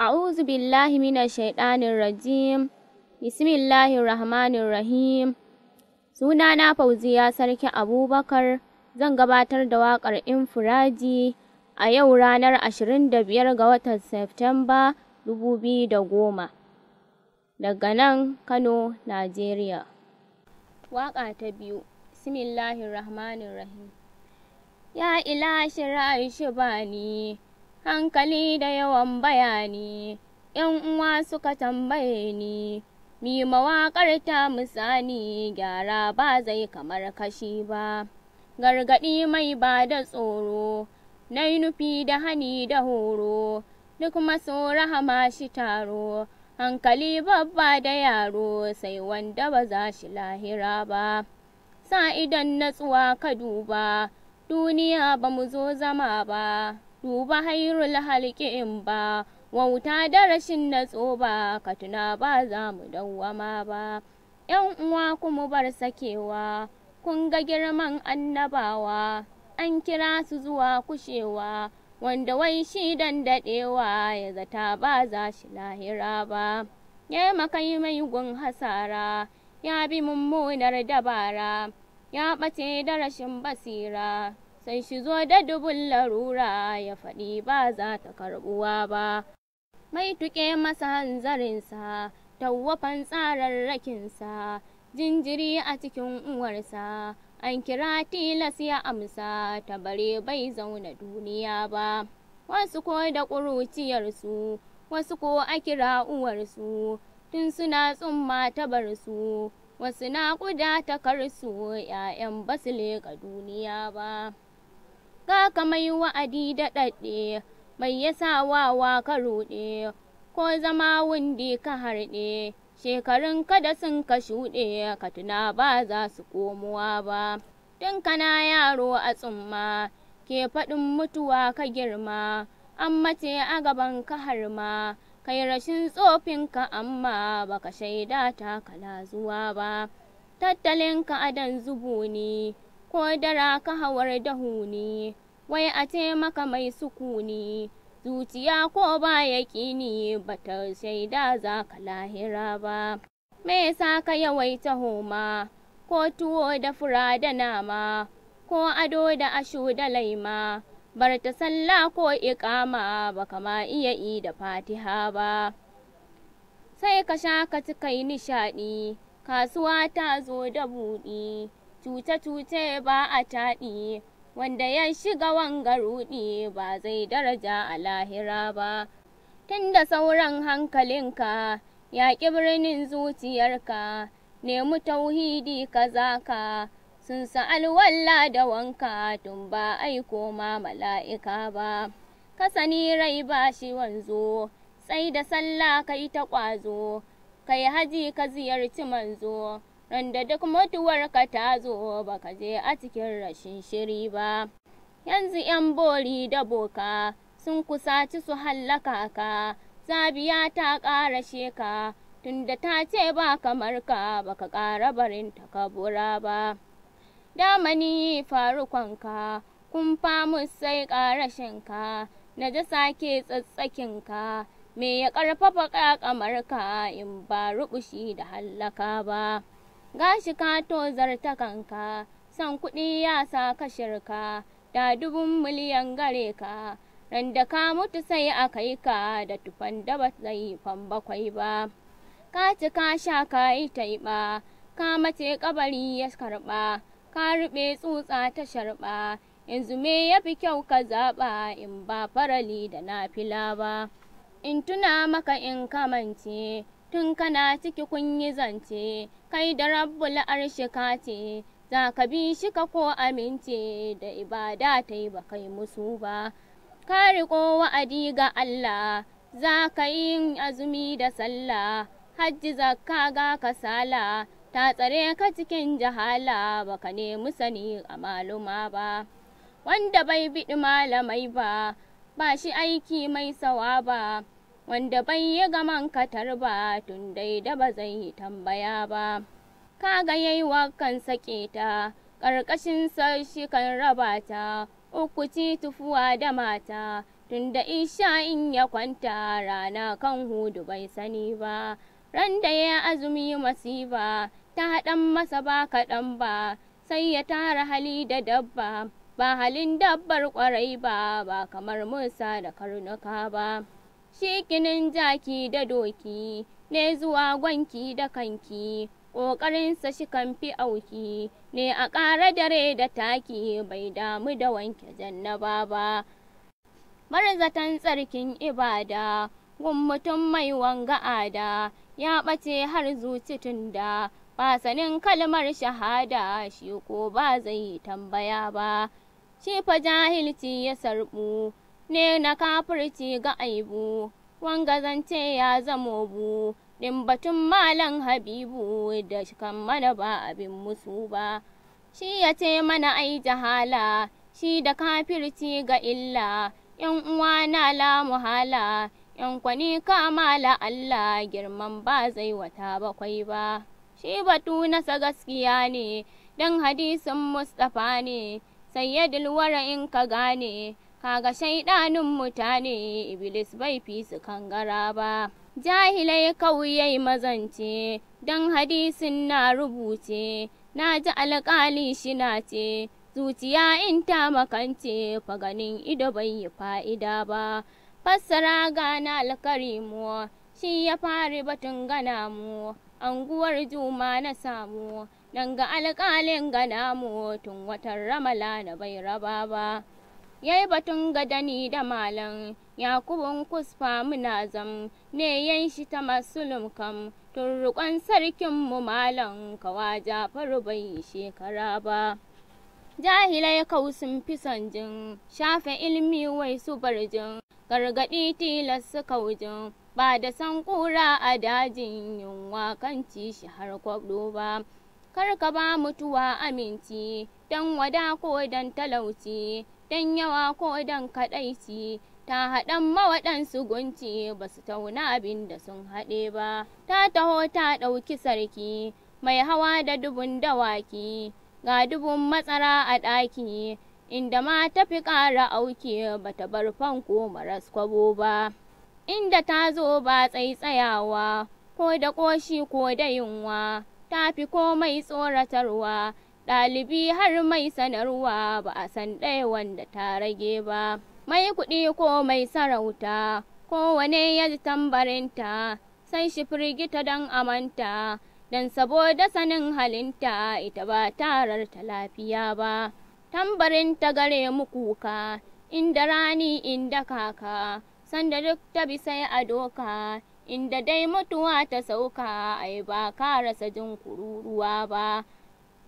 أعوذ mina من الشيطان الرجيم بسم الله الرحمن الرحيم sunana fauziya sarki abubakar zan gabatar da waƙar infiraji a yau ranar 25 ga watan Satumba 2010 daga nan kano najeriya waƙa ta biyu rahim. ya ila shi ni. hankali da yawan bayani yan uwa suka tambaye ni mi mawaƙar ta misani gyara ba zai kamar kashi ba gargaɗi mai ba da tsoro na nufi da hani da horo duk maso rahama shi taro hankali babba da yaro sai wanda ba za shi lahira ba sa idan natsuwa ka duba duniya ba mu zo zama ba duba hairul halƙi'in ba wauta da rashin natso ba ka tuna ba za mu dawwama ba yan uwa kuma bar sakewa kun ga girman annabawa an kira su zuwa kushewa wanda wai shi dan daɗewa ya zata ba za shi lahira ba ya makai mai gun hasara ya bi mummunar dabara ya ɓace da rashin basira sai shi zo da dubun larura ya faɗi ba za ta karɓuwa ba mai tuƙe masa hanzarinsa tawwafan tsararrakinsa jinjiri a cikin uwarsa an kira tilas ya amsa ta bare bai zauna duniya ba wasu ko da ƙuruciyarsu wasu ko a kira uwarsu tun suna tsumma tabarsu wasu na ƙuda karsu 'ya'yan basu leƙa duniya ba ga ka mai wa'adi bai mai yasa wawa ka ruɗe ko zama wundi ka harɗe shekarun kada sun ka shuɗe ka tuna ba za su komowa ba tun kana yaro a tsumma ke faɗin mutuwa ka girma an mace a gaban ka harma kai rashin tsofin ka amma baka shaida ta kala zuwa ba Tattalin ka adan zubu ne ko dara ka hawar da huni wai a taimaka mai sukuni zuciya ko ba yaƙini bata shaida za ka lahira ba me sa ka yawaita homa ko tuwo da fura da nama ko ado da ashu da laima bar ta salla ko iƙama ba kama iya yi da fatiha ba sai ka sha ka ci kai nishaɗi kasuwa ta zo da buɗi cuce-cuce ba a taɗi wanda ya shiga wanga ruɗi ba zai daraja a lahira ba tunda sauran hankalinka yaƙi birnin zuciyarka nemi tauhidi kaza ka sun sa'alwalla da wanka tun ba aiko ma mala'ika ba kasani rai ba shi wanzo sai da sallah kai ta ƙwazo kai haji ka ziyarci manzo randa duk mutuwarka ta zo baka je a cikin rashin shiri ba yanzu 'yan bori da boka sun kusaci su hallaka ka zabiya ta ƙara sheka tunda ta ce ba kamar ka baka ƙara barin takabura ba damani farukonka kun musai sai ka na ji sake tsatsakin ka, me ya ƙarfafa ka in ba rubushi da hallaka ba gashi ka to ta kanka san kuɗi ya sa ka shirka da dubun miliyan gare ka ran ka mutu sai aka yi ka da tufan da ba zai fan bakwai ba ka ci ka sha ka yi taiɓa ka mace kabari ya karɓa ka ruɓe tsutsa ta sharɓa yanzu me ya fi kyau ka zaɓa in ba farali da na fila ba in tuna maka in kamance tun kana ciki kun yi zance kai da rabbul arshi ka ce za ka bi shi ka ko amince da ibada ta yi ba kai musu ba ka riko wa'adi ga Allah za ka yi azumi da sallah hajji zakka ga kasala ta tsare ka cikin jahala ba ka nemi sani a maluma ba wanda bai biɗi malamai ba ba shi aiki mai sawa ba wanda bai yi gaman katar ba tun dai da ba zai yi tambaya ba kaga yayi wa sake ta ƙarƙashin sa shi kan raba ta uku ci tufuwa da mata tunda in ya kwanta rana kan hudu bai sani ba ran da ya azumi masiba ta haɗan masa ba kaɗan ba sai ya tara hali da dabba ba halin dabbar ƙwarai ba ba kamar musa da karnuka ba shikinin jaki da doki ne zuwa gwanki da kanki ƙoƙarinsa shi kan fi auki ne a ƙara dare da taki bai damu da wanke jannaba ba marzatan tsarkin ibada gun mutum mai wanga ada ya ɓace har zuci tunda ba sanin kalmar shahada shi ko ba zai tambaya ba shi fa jahilci ya sarɓu ne na kafirci ga aibu wanga zance ya zamo bu din batun malam habibu da kan mana ba abin musu ba shi ya ce mana ai jahala shi da kafirci ga illa yan uwa na la muhala yan kwani kamala Allah girman ba zai wata bakwai ba shi batu nasa gaskiya ne dan hadisin Mustapha ne sayyidul in ka gane kaga shaidanin mutane iblis bai fi su kangara ba jahilai kauyai mazance don hadisin na rubuce na ji shi na ce zuciya in ta makance faganin ido bai yi fa'ida ba fassara gana alkarimu shi ya fari batun gana mu anguwar juma na samu nan ga alƙalin gana mu tun watan ramala na bai raba ba ya yi batun gadani da malam yakubun kusfa munazam ne yan shi ta masulum kam turruƙon sarkin mu malam kawa jafaru bai shekara ba jahilai kausun fi jin shafe ilmi wai su bar jin gargaɗi tilas su jin. ba da san kura a dajin yunwa kan ci shi har kwado ba kar ka ba mutuwa aminci don wada ko don talauci dan yawa ko dan kadaici ta haɗan mawaɗansu gunci ba su tauna abin da sun haɗe ba ta taho ta ɗauki sarki mai hawa da dubun dawaki ga dubun matsara a ɗaki inda ma ta fi ƙara auki ba ta bar fanko maras kwabo ba inda ta zo ba tsaitsayawa ko da ƙoshi ko da yunwa ta fi komai tsoratarwa ɗalibi har mai sanarwa ba a san ɗaya wanda ta rage ba mai kuɗi ko mai sarauta kowane ya ji tambarinta sai shi firgita don amanta don saboda sanin halinta ita ba tarar ta lafiya ba tambarin ta gare mu kuka inda rani inda kaka sanda duk ta bi sai a doka inda dai mutuwa ta sauka ai ba ka rasa jin kururuwa ba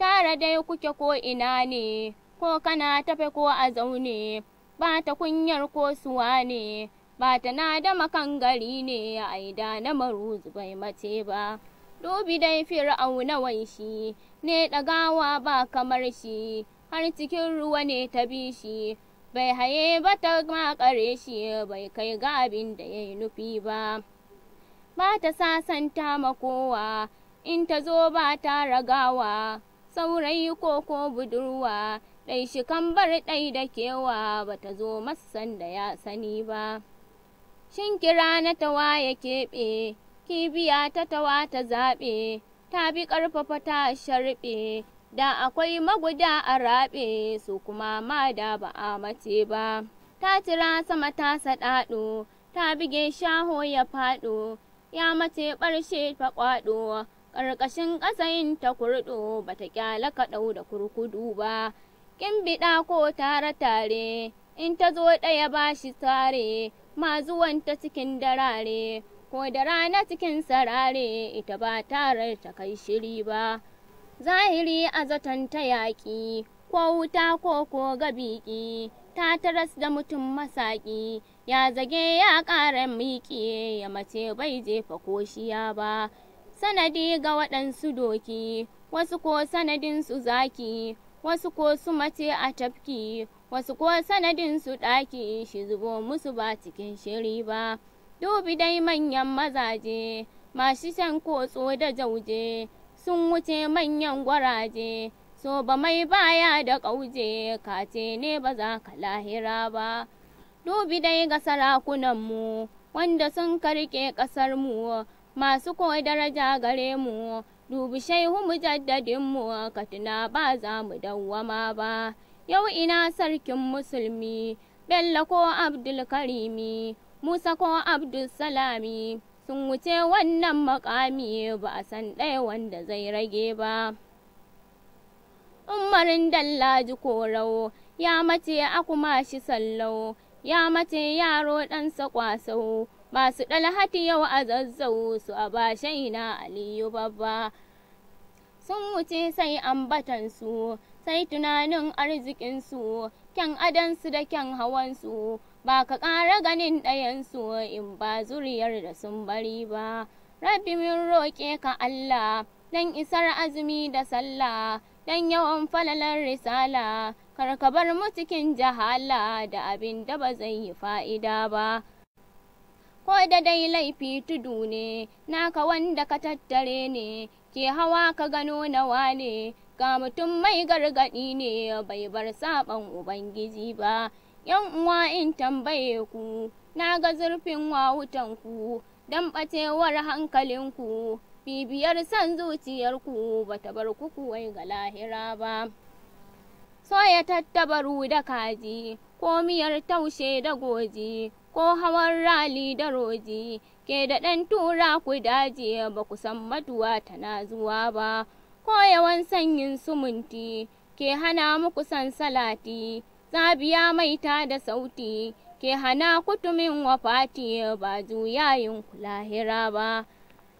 tare dai kuke ko ina ne ko kana tafe ko a zaune ba ta kunyar ko suwa ne ba ta na da makan gari ne a ida na maruzu bai mace ba dubi dai fir'auna wai shi ne ɗagawa ba kamar shi har cikin ruwa ne ta bi shi bai haye ba ta makare shi bai kai ga abin da ya yi nufi ba ba ta sasanta ma kowa in ta zo ba ta ragawa saurayi ko ko budurwa ɗai shi kan bar ɗai da kewa bata zo masan da ya sani ba shin kira na tawa ya keɓe kibiya ta tawa ta zaɓe ta bi ƙarfafa ta sharɓe da akwai maguda a raɓe su kuma ma da ba a mace ba ta tira sama ta saɗaɗo ta bige shaho ya faɗo ya mace ɓarshe ta kwaɗo ƙarƙashin ƙasayin ta kurɗu, ba ta ka kaɗau da kurkudu ba, Kin biɗa ko tare tare, in ta zo ɗaya ba shi tare, ma ta cikin darare, ko da rana cikin sarare ita ba tare ta kai shiri ba. Zahiri a zaton ta yaƙi, ko wuta ko ko gabiki, ta taras da mutum masaƙi, ya zage ya ƙara miki, ya mace bai jefa koshiya ba. sanadi ga waɗansu doki wasu ko sanadin su zaki wasu ko su mace a tafki wasu ko sanadin su ɗaki shi zubo musu ba cikin shiri ba dubi dai manyan mazaje masu shan kotso da jauje sun wuce manyan gwaraje so ba mai baya da ƙauje kace ne ba za ka lahira ba dubi dai ga sarakunanmu wanda sun karke ƙasarmu masu koi daraja gare mu dubi shaihu mujaddadinmu ka tuna ba za mu dawwama ba yau ina sarkin musulmi bello ko abdulkarimi musa ko abdulsalami sun wuce wannan makami ba a san ɗaya wanda zai rage ba umarin dallaji korau ya mace shi sallau ya mace yaro ɗansa kwasau masu dalhati yau a zazzau su a bashai na aliyu babba sun wuce sai ambatan su, sai tunanin arzikinsu kyan adansu da kyan hawansu ba ka ƙara ganin ɗayansu in ba zuriyar da sun bari ba rabbi min roƙe ka allah dan isar azumi da sallah dan yawan falalar risala karkabar mutukin bar jahala da abin da ba zai yi fa'ida ba ko da dai laifi tudu ne naka wanda ka tattare ne ke hawa ka gano nawa ne ga mutum mai gargaɗi ne bai bar saɓan ubangiji ba yan uwa in tambaye ku na ga zurfin wawutanku don ɓacewar hankalinku bibiyar son zuciyarku ba ta bar ku ga lahira ba soya tattabaru da kaji ko miyar taushe da goji ko hawan rali da roji ke da ɗan tura ku daji ba ku san matuwa tana zuwa ba ko yawan sanyin sumunti ke hana muku san salati zabiya maita da sauti ke hana kutumin wafati ba juyayin lahira ba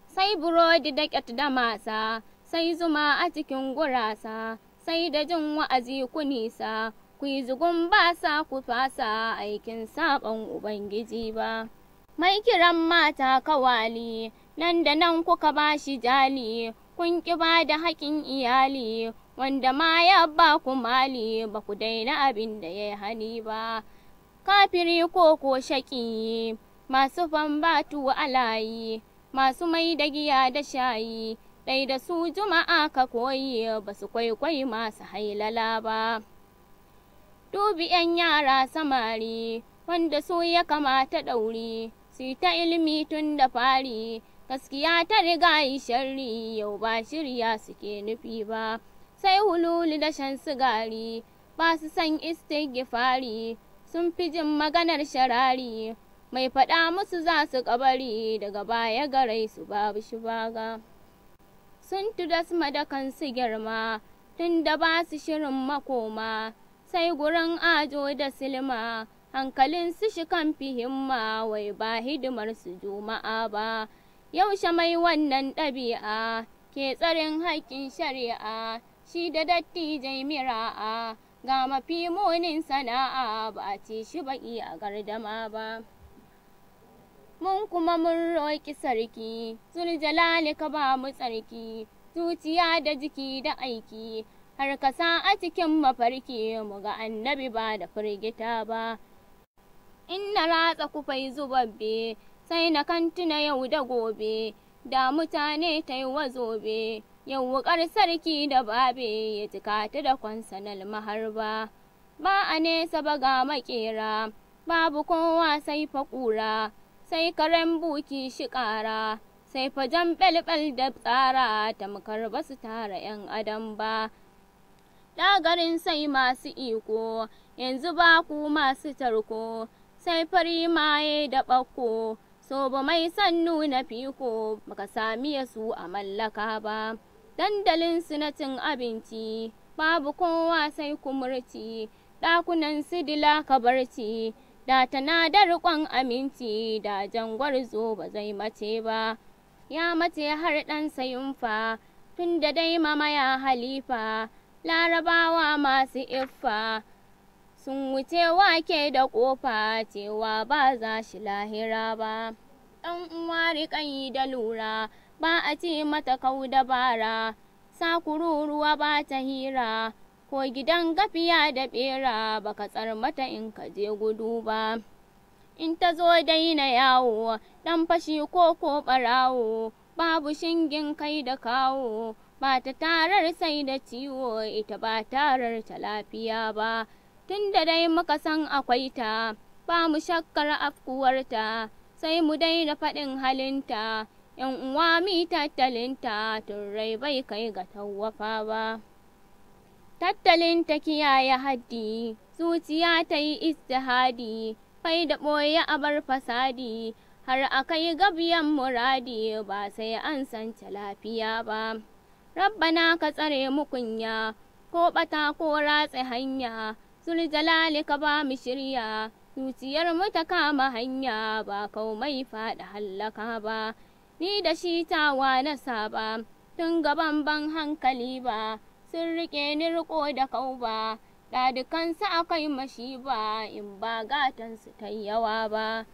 sai burodi da ƙyat da masa sai zuma a cikin gurasa sai da jin wa'azi ku nisa ku yi zugun ba sa ku fasa aikin saɓon Ubangiji ba. Mai kiran mata kawali, nan da nan kuka ba shi jali, kun ƙi ba da haƙin iyali, wanda ma ya ba ku mali, ba ku daina abin da ya hani ba. Kafiri ko ko shaƙi, masu fambatu alayi, masu mai da giya da shayi, ɗai da su juma'a ka koyi, ba su kwaikwayi masu hailala ba. dubi yan yara samari wanda su ya kamata ɗauri su ta ilimi tun da fari gaskiya ta riga yi sharri yau ba shirya suke nufi ba sai hululi da shan sigari ba su san fari. sun fi jin maganar sharari mai faɗa musu za su kabari daga baya garai su babu shi baga sun tudasma madakan su girma tun da ba su shirin makoma sai gurin ajo da silma hankalin su shi kan himma wai ba hidimar su juma'a ba yaushe mai wannan ɗabi'a ke tsarin haƙƙin shari'a shi da dattijai mira'a ga mafi munin sana'a ba a ce shi baƙi a gardama ba mun kuma mun roƙi sarki zuljalali ka ba mu tsarki zuciya da jiki da aiki har ka sa a cikin mafarki mu ga annabi ba da firgita ba in na ratsa kufai zubabbe sai na kantuna yau da gobe da mutane ta yi wa zobe yau wukar sarki da babe ya jikata da kwansanal maharba ba a nesa ba ga makera babu kowa sai fa sai karen buki shi ƙara sai fa jan da tsara tamkar ba su tara 'yan adam ba Da garin sai masu iko, yanzu ba ku masu tarko, sai fari maye da bakko so ba mai san nuna fiko, baka sami su a mallaka ba. Dandalin su na cin abinci, babu kowa sai kumurci, ɗakunan su dila barci da tana da riƙon aminci, da jangwar zo ba zai mace ba. Ya mace har ɗan sayunfa, tun da dai mama ya halifa. larabawa masu iffa sun wuce wake da kofa cewa ba za shi lahira ba ɗan uwa yi da lura ba a ce mata kau dabara sakururuwa ba ta hira ko gidan gafiya da ɓera baka tsar mata in ka je gudu ba in ta zo daina yawo ɗan fashi ko ko ɓarawo babu shingin kai da kawo ba ta tarar sai da ciwo ita ba tarar ta lafiya ba tun da dai muka san akwai ta ba mu shakkar afkuwarta sai mu dai da faɗin halinta yan uwa mi tattalinta rai bai kai ga tawafa ba tattalin ta kiyaye haddi zuciya ta yi istihadi fai da ɓoye a bar fasadi har a kai gabiyan muradi ba sai an ta lafiya ba rabbana ka tsare mu kunya ko ɓata ko ratse hanya zuljalali ka ba mu shirya zuciyar mu ta kama hanya ba kaumai faɗi hallaka ba ni da shi tawa na saba tun gaban ban hankali ba sun riƙe ni riko da kauba ɗadikansu akai mashi ba in ba gatansu ta yawa ba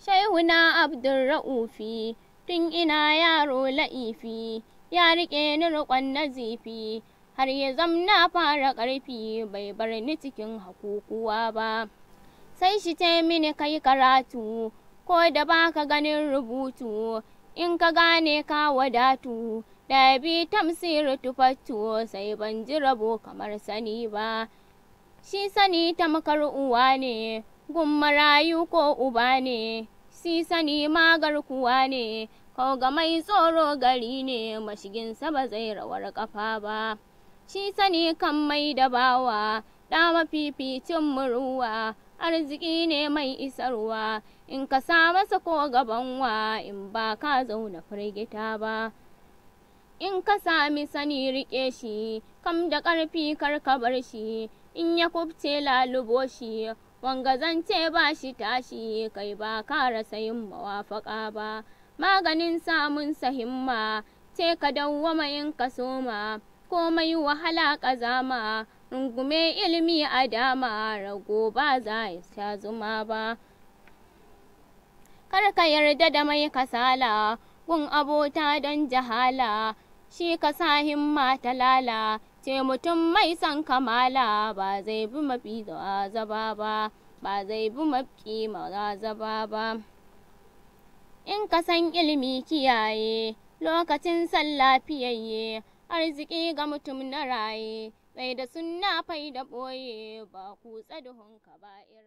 shaihuna abdulra'ufi tun ina yaro la'ifi ya riƙe ni riƙon nazifi har ya zamna fara ƙarfi bai bar ni cikin hakukuwa ba sai shi ta mini kai karatu ko da ba ka ganin rubutu in ka gane ka wadatu da bi tamsir tufattu sai ban ji rabo kamar sani ba shi sani tamkar uwa ne gun marayu ko uba ne shi sani magar kuwa ne Koga mai tsoro gari ne mashiginsa ba zai rawar kafa ba, shi sani kan mai da bawa, ɗa mafificin muruwa, arziki ne mai isarwa, in ka sa masa ko gabanwa in ba ka zauna firgita ba. In ka sami sani riƙe shi, kam da ƙarfi kar ka bar shi, in ya kubce lalubo shi, wanga zance ba shi tashi, kai ba ka rasa yin mawafaƙa ba. maganin samun sahimma ce ka dawwama in ka soma komai wahala ƙazama rungume ilimi a dama rago ba za ya zuma ba kar ka yarda da mai kasala gun abota don jahala shi ka sa himma ta lala ce mutum mai son kamala ba zai bi mafi zaba ba ba zai bi mafi zaba ba in ka san ilimi kiyaye lokacin sallah fiyayye arziki ga mutum na raye mai da sunna fai da ɓoye ba ku tsada hunka ba